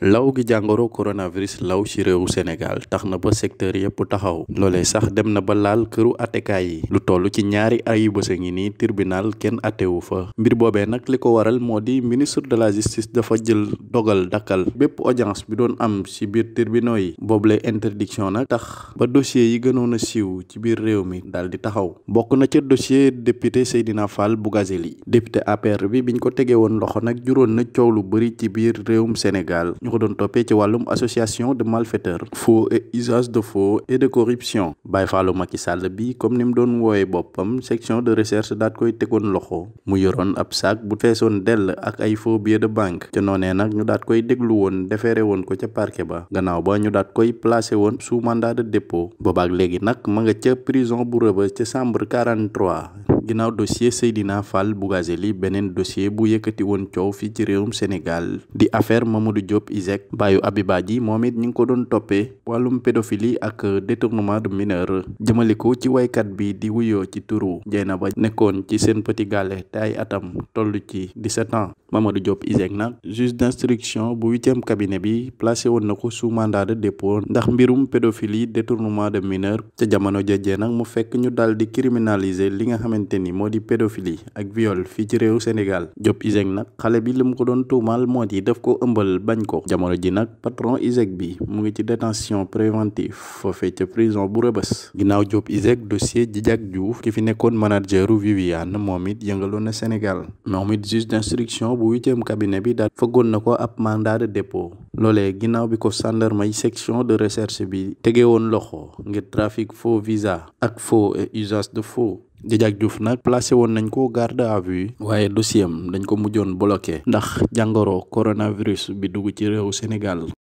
law gi jàngoro coronavirus law ci réewu Sénégal tax na ba secteur yëpp taxaw loole sax dem na ba laal këru attekaay yi lu toll ci ñaari ayu bés ngi nii tirbinal kenn attewu fa mbir boobe nag li ko waral moo di ministre de la justice dafa jël dogal dakkal bépp audience bi doon am ci biir tribunaux yi booble interdiction nag tax ba dossier yi gënoon a siiw ci biir réew mi dal di taxaw bokk na ca dossier député Seydina Fall Bougazeli député APR bi biñ ko tegee woon loxo nag juróon na coow lu bëri ci biir réewum Sénégal. ko doon toppee ci wàllum association de malfaiteurs faux et usage de faux et de corruption Baye Fallou Macky Sall bi comme ni mu doon wooyee boppam section de recherche daat koy tegoon loxo mu yoroon ab sac bu feesoon dell ak ay faux billets de banque ca noonee nag ñu daat koy déglu woon defeere woon ko ca parquet ba gannaaw ba ñu daat koy placé woon sous mandat de dépôt boobaak léegi nag ma nga ca prison bu Rebeuss ca chambre 43 ginnaaw dossier Seydina Fall Bougazelli beneen dossier bu yëkkati woon coow fii ci réewum Sénégal di affaire Mamadou Diop ISEG baayu Abiba Ji moom it ñi ngi ko doon toppee wàllum pédophilie ak détournement de mineur jëmale ko ci waykat bi di wuyoo ci turu Dieynaba nekkoon ci seen Petit Gallé te ay atam toll ci 17 ans Mamadou Diop ISEG nag juge d'instruction bu huitième cabinet bi placé woon na ko sous mandat de dépôt ndax mbirum pédophilie détournement de mineur ca jamono jejee nag mu fekk ñu daal di criminaliser li nga xamante ni moo di pédophilie ak viole fii ci réew Sénégal Diop ISEG nag xale bi li mu ko doon tuumaal moo di daf ko ëmbal bañ ko jamono ji nag patron ISEG bi mu ngi ci détention préventive foofee ca prison bu Rebeuss ginnaaw Diop ISEG dossier Djidiack Diouf ki fi nekkoon manageru Viviane moom it yëngaloon na Sénégal moom bu huitième cabinet bi daal fëggoon na ko ab mandat de dépôt loolee ginnaaw bi ko gendarme yi section de recherche bi tege woon loxo ngir trafic faux visa ak foo et de foo Didiack Diouf nag placé woon nañ ko garde à vue waaye dossier am dañ ko mujjoon bloqué ndax jàngoro coronavirus bi dugg ci réewu Sénégal